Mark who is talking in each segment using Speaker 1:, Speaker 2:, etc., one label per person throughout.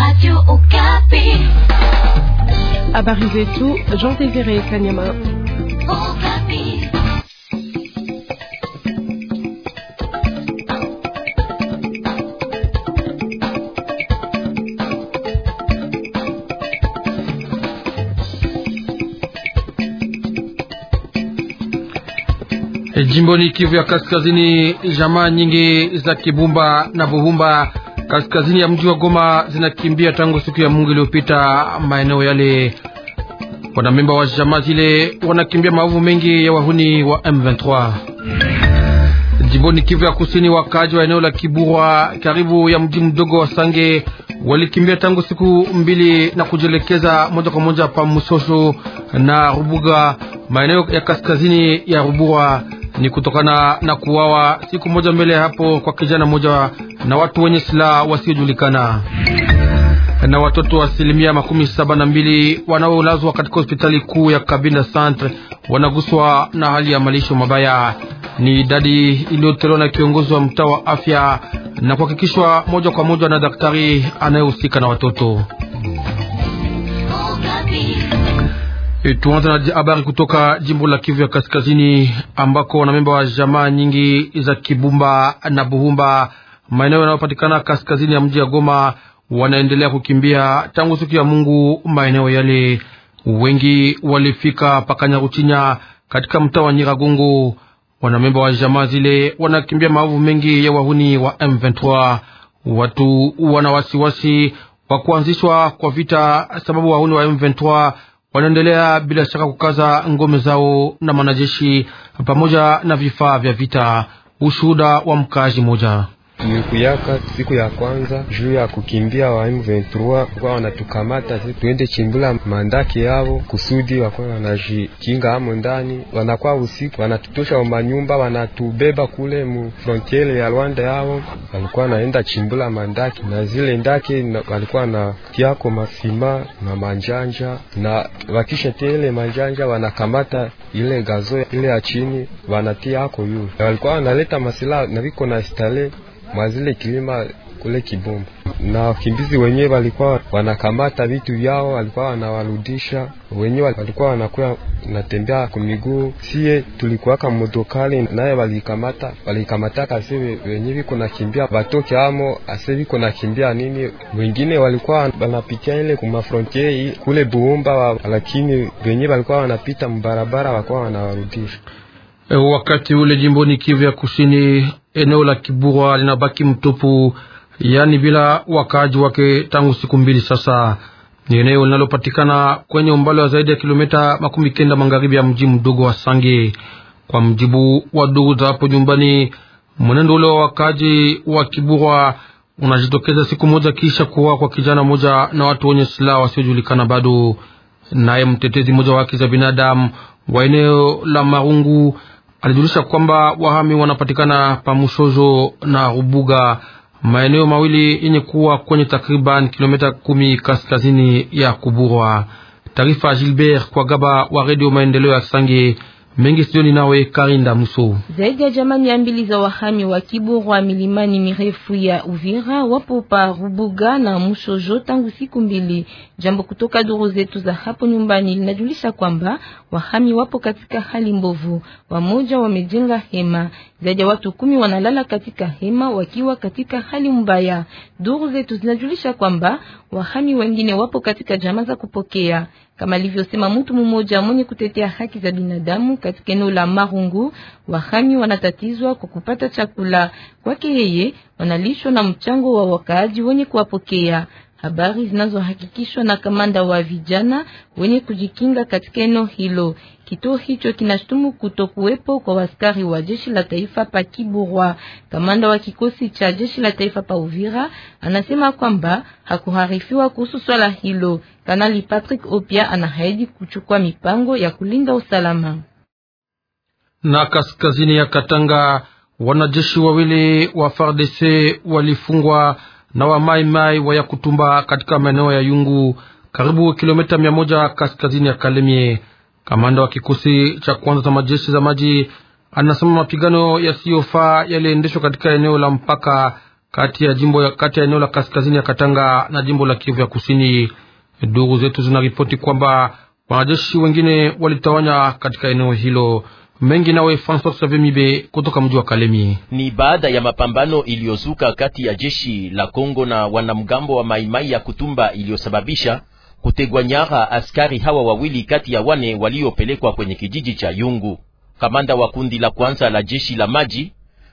Speaker 1: Radio Okapi.
Speaker 2: Habari tout, Jean désiré Kanyama.
Speaker 1: Okapi.
Speaker 3: Jimboni Kivu ya na kaskazini ya mji wa Goma zinakimbia tangu siku ya Mungu iliyopita. Maeneo yale wanamemba wa jamaa zile wanakimbia maovu mengi ya wahuni wa M23. Jimboni Kivu ya Kusini, wakaaji wa eneo la Kibura karibu ya mji mdogo wa Sange walikimbia tangu siku mbili na kujielekeza moja kwa moja pa Musoso na Rubuga, maeneo ya kaskazini ya Rubura ni kutokana na kuwawa siku moja mbele ya hapo kwa kijana mmoja na watu wenye silaha wasiojulikana. Na watoto wa asilimia makumi saba na mbili wanaolazwa katika hospitali kuu ya Kabinda Centre wanaguswa na hali ya malisho mabaya. Ni idadi iliyotolewa na kiongozi wa mtaa wa afya na kuhakikishwa moja kwa moja na daktari anayehusika na watoto. Eh, Tuanze na habari kutoka jimbo la Kivu ya Kaskazini ambako wanamemba wa jamaa nyingi za Kibumba na Buhumba, maeneo yanayopatikana kaskazini ya mji ya Goma, wanaendelea kukimbia tangu siku ya Mungu maeneo yale. Wengi walifika paka Nyaruchinya katika mtaa wa Nyiragongo. Wanamemba wa jamaa zile wanakimbia maovu mengi ya wahuni wa M23. Watu wana wasiwasi wa kuanzishwa kwa vita sababu wahuni wa M23 wanaendelea bila shaka kukaza ngome zao na mwanajeshi pamoja na vifaa vya vita. Ushuhuda wa mkaaji moja
Speaker 4: ni kuyaka siku ya kwanza juu ya kukimbia wa M23 kwa wanatukamata sisi, tuende chimbula mandaki yao kusudi wakuwa wanajikinga hamo ndani. Wanakuwa usiku wanatutosha wa manyumba wanatubeba kule mu frontiere ya Rwanda. Yao walikuwa naenda chimbula mandaki na zile ndake walikuwa na kiako masima na manjanja na wakisha tele manjanja wanakamata ile gazo ile ya chini wanatia ako yule, walikuwa wanaleta masila na viko na stale mwazile kilima kule Kibombo na wakimbizi wenyewe walikuwa wanakamata vitu vyao, walikuwa wanawarudisha wenyewe, walikuwa wanakuwa natembea kwa miguu. Sie tulikuwaka motokali naye walikamata, walikamataka wenye viko nakimbia batoke amo, ase viko nakimbia nini. Wengine walikuwa wanapitia ile kumafrontiere kule Buumba, lakini wenye walikuwa wanapita mbarabara, walikuwa wanawarudisha.
Speaker 3: Eh, wakati ule jimboni Kivu ya Kusini, eneo la Kibura linabaki mtupu, yani bila wakaaji wake tangu siku mbili sasa. Ni eneo linalopatikana kwenye umbali wa zaidi ya kilomita makumi kenda magharibi ya mji mdogo wa Sange. Kwa mjibu wa ndugu za hapo nyumbani, mwenendo ule wa wakaaji wa Kibura unajitokeza siku moja kisha kuwa kwa kijana moja na watu wenye silaha wasiojulikana bado. Naye mtetezi mmoja wa haki za binadamu wa eneo la Marungu alijulisha kwamba wahami wanapatikana Musozo na Rubuga, maeneo mawili yenye kuwa kwenye takriban kilomita kumi kaskazini ya Kuburwa. Taarifa Gilbert kwa gaba wa redio Maendeleo ya Sange mengi sioni nawe Karinda Muso.
Speaker 1: Zaidi ya jamani ya mbili za wahami wa Kiburwa milimani mirefu ya Uvira wapo pa Rubuga na Mushojo tangu siku mbili. Jambo kutoka duru zetu za hapo nyumbani linajulisha kwamba wahami wapo katika hali mbovu. Wamoja wamejenga hema, zaidi ya watu kumi wanalala katika hema wakiwa katika hali mbaya. Duru zetu zinajulisha kwamba wahami wengine wapo katika jamaa za kupokea kama alivyosema mtu mmoja mwenye kutetea haki za binadamu katika eneo la Marungu. Wahami wanatatizwa kwa kupata chakula, kwake yeye wanalishwa na mchango wa wakaaji wenye kuwapokea habari zinazohakikishwa na kamanda wa vijana wenye kujikinga katika eneo hilo. Kituo hicho kinashutumu kutokuwepo kwa waskari wa jeshi la taifa pa Kiburwa. Kamanda wa kikosi cha jeshi la taifa pa Uvira anasema kwamba hakuharifiwa kuhusu swala hilo. Kanali Patrick Opia anahaidi kuchukua mipango ya kulinda usalama.
Speaker 3: Na kaskazini ya Katanga, wanajeshi wawili wa FARDC walifungwa na mai wa Yakutumba katika maeneo ya Yungu, karibu kilomita mia moja kaskazini ya Kalemie. Kamanda wa kikosi cha kwanza za majeshi za maji anasema mapigano yasiyofaa yaliendeshwa katika eneo la mpaka kati ya jimbo kati ya eneo la kaskazini ya Katanga na jimbo la Kivu ya Kusini. Duru zetu zinaripoti kwamba wanajeshi wengine walitawanya katika eneo hilo mengi nawe Francois Xavier Mibe kutoka mji wa Kalemie.
Speaker 2: Ni baada ya mapambano iliyozuka kati ya jeshi la Kongo na wanamgambo wa Maimai ya Kutumba iliyosababisha kutegwa nyara askari hawa wawili kati ya wane waliopelekwa kwenye kijiji cha Yungu. Kamanda wa kundi la kwanza la jeshi la maji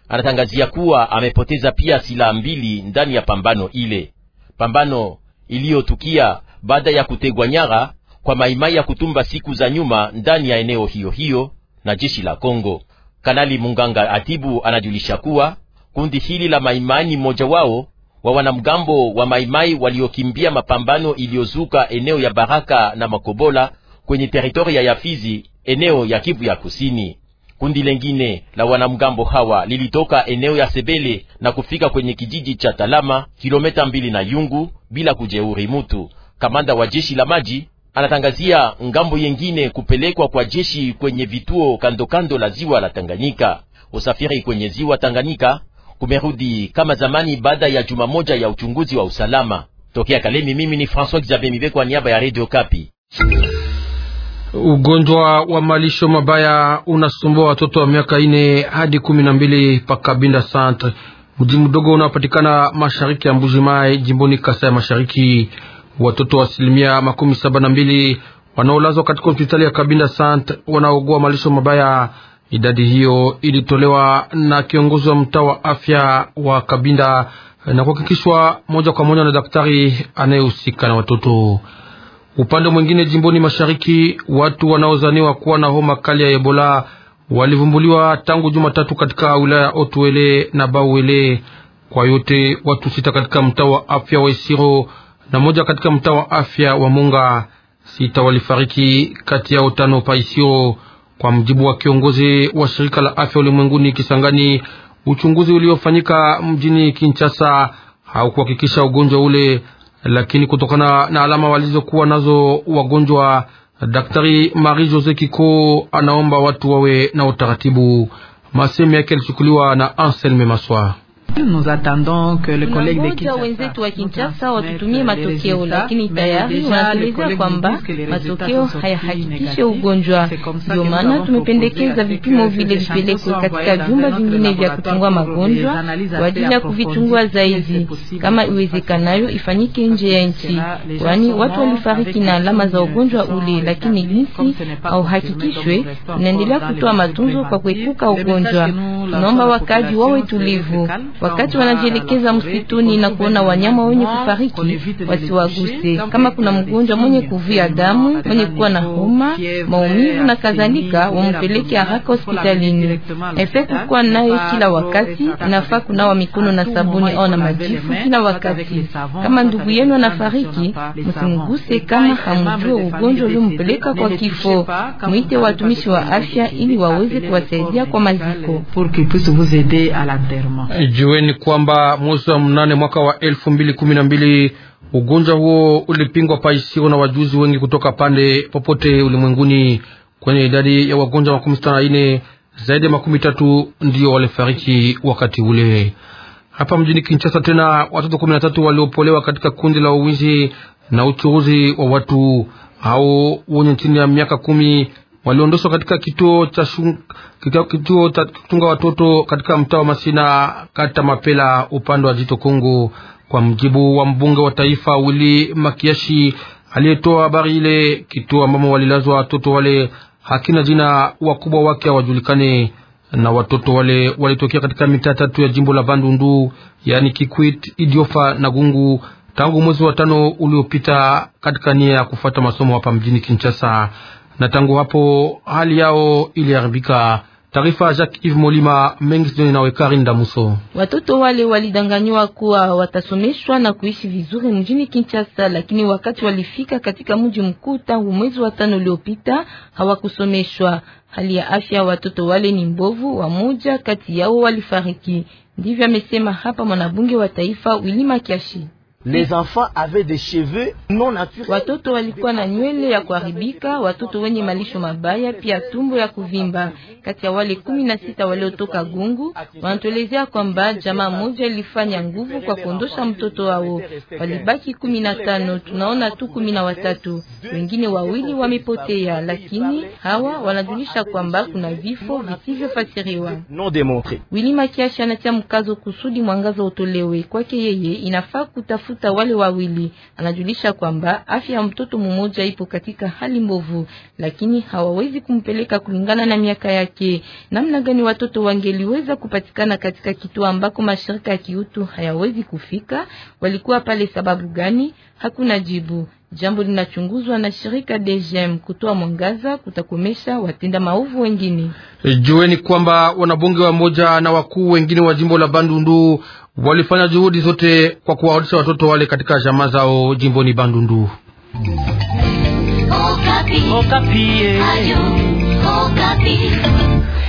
Speaker 2: anatangazia kuwa amepoteza pia silaha mbili ndani ya pambano ile, pambano iliyotukia baada ya kutegwa nyara kwa Maimai ya Kutumba siku za nyuma ndani ya eneo hiyo hiyo na jeshi la Kongo. Kanali Munganga Atibu anajulisha kuwa kundi hili la maimani mmoja wao wa wanamgambo wa Maimai waliokimbia mapambano iliyozuka eneo ya Baraka na Makobola kwenye teritoria ya Fizi, eneo ya Kivu ya Kusini. Kundi lengine la wanamgambo hawa lilitoka eneo ya Sebele na kufika kwenye kijiji cha Talama, kilomita mbili na Yungu, bila kujeuri mutu. Kamanda wa jeshi la maji anatangazia ngambo yengine kupelekwa kwa jeshi kwenye vituo kando kando la ziwa la Tanganyika. Usafiri kwenye ziwa Tanganyika kumerudi kama zamani baada ya juma moja ya uchunguzi wa usalama. Tokea Kalemi, mimi ni François Xavier Mibe kwa niaba ya Radio Kapi.
Speaker 3: Ugonjwa wa malisho mabaya unasumbua watoto wa miaka ine hadi kumi na mbili pakabinda centre, mji mdogo unaopatikana mashariki ya Mbujimai, jimboni Kasai Mashariki watoto asilimia makumi saba na mbili wanaolazwa katika hospitali ya Kabinda Sant wanaogua malisho mabaya. Idadi hiyo ilitolewa na kiongozi wa mtaa wa afya wa Kabinda na kuhakikishwa moja kwa moja na daktari anayehusika na watoto. Upande mwingine, jimboni mashariki, watu wanaozaniwa kuwa na homa kali ya Ebola walivumbuliwa tangu Jumatatu katika wilaya ya Otuele na Bauele. Kwa yote watu sita katika mtaa wa afya wa Isiro na moja katika mtaa wa afya wa Munga. Sita walifariki kati ya utano paisio, kwa mjibu wa kiongozi wa shirika la afya ulimwenguni Kisangani. Uchunguzi uliofanyika mjini Kinshasa haukuhakikisha ugonjwa ule, lakini kutokana na alama walizokuwa nazo wagonjwa, Daktari Marie Jose Kiko anaomba watu wawe na utaratibu. Masemi yake yalichukuliwa na Anselme Maswa.
Speaker 1: Unamoja wenzetu wa Kinshasa watutumie matokeo, lakini tayari wanatueleza kwamba matokeo hayahakikishe ugonjwa. Ndio maana tumependekeza vipimo vile vipelekwe katika vyumba vingine vya kutungua magonjwa kwa ajili ya kuvitungua zaidi, kama iwezekanayo ifanyike nje ya nchi, kwani watu walifariki na alama za ugonjwa ule, lakini jinsi au hakikishwe, tunaendelea kutoa matunzo kwa kuepuka ugonjwa. Tunaomba wakaji wawe tulivu. Wakati wanajielekeza msituni na kuona wanyama wenye kufariki, wasiwaguse. Kama kuna mgonjwa mwenye kuvia damu, mwenye kuwa na homa, maumivu na kadhalika, wampeleke haraka hospitalini. efe kukuwa naye kila wakati, inafaa kunawa mikono na sabuni au na majifu kila wakati. Kama ndugu yenu anafariki, msimguse kama hamjue ugonjwa uliompeleka kwa kifo. Mwite watumishi wa afya ili waweze kuwasaidia kwa maziko.
Speaker 3: Jueni kwamba mwezi wa mnane mwaka wa elfu mbili kumi na mbili ugonjwa huo ulipingwa paisiro na wajuzi wengi kutoka pande popote ulimwenguni. Kwenye idadi ya wagonjwa makumi sita na ine zaidi ya makumi tatu ndio walifariki wakati ule. Hapa mjini Kinshasa tena watoto kumi na tatu waliopolewa katika kundi la uwizi na uchuruzi wa watu au wenye chini ya miaka kumi waliondoshwa katika kituo cha kituo cha kutunga watoto katika mtaa wa Masina, kata Mapela, upande wa Jito Kongo, kwa mjibu wa mbunge wa taifa Wili Makiashi aliyetoa habari ile. Kituo ambamo walilazwa watoto wale hakina jina, wakubwa wake hawajulikane, na watoto wale walitokea katika mitaa tatu ya jimbo la Bandundu, yani Kikwit, Idiofa na Gungu tangu mwezi wa tano uliopita katika nia ya kufuata masomo hapa mjini Kinshasa na tangu hapo hali yao iliharibika. Taarifa Jacques Yves Molima mengi sijoni nawe Karin Damuso.
Speaker 1: Watoto wale walidanganywa kuwa watasomeshwa na kuishi vizuri mjini Kinshasa, lakini wakati walifika katika mji mkuu tangu mwezi wa tano uliopita hawakusomeshwa. Hali ya afya watoto wale ni mbovu, wamoja kati yao walifariki. Ndivyo amesema hapa mwanabunge wa taifa Wilima Kiashi.
Speaker 2: Les enfants avaient des
Speaker 1: cheveux non naturels. Watoto walikuwa na nywele ya kuharibika, watoto wenye malisho mabaya, pia tumbo ya kuvimba. Kati ya wale kumi na sita waliotoka Gungu wanatuelezea kwamba jamaa moja ilifanya nguvu kwa kuondosha mtoto wao, walibaki kumi na tano. Tunaona tu kumi na watatu, wengine wawili wamepotea, lakini hawa wanajulisha kwamba kuna vifo visivyofasiriwa. Wilima Kiasha anatia mkazo kusudi mwangazo utolewe kwake. Yeye inafaa kutafuta kutafuta wale wawili. Anajulisha kwamba afya ya mtoto mmoja ipo katika hali mbovu, lakini hawawezi kumpeleka kulingana na miaka yake. Namna gani watoto wangeliweza kupatikana katika kituo ambako mashirika ya kiutu hayawezi kufika? Walikuwa pale sababu gani? Hakuna jibu. Jambo linachunguzwa na shirika DGM kutoa mwangaza kutakomesha watenda maovu wengine.
Speaker 3: Jueni kwamba wanabunge wa moja na wakuu wengine wa jimbo la Bandundu walifanya juhudi zote kwa kuwarudisha watoto wale katika jamaa zao jimboni Bandundu.
Speaker 1: Okapi. Okapi. Eh.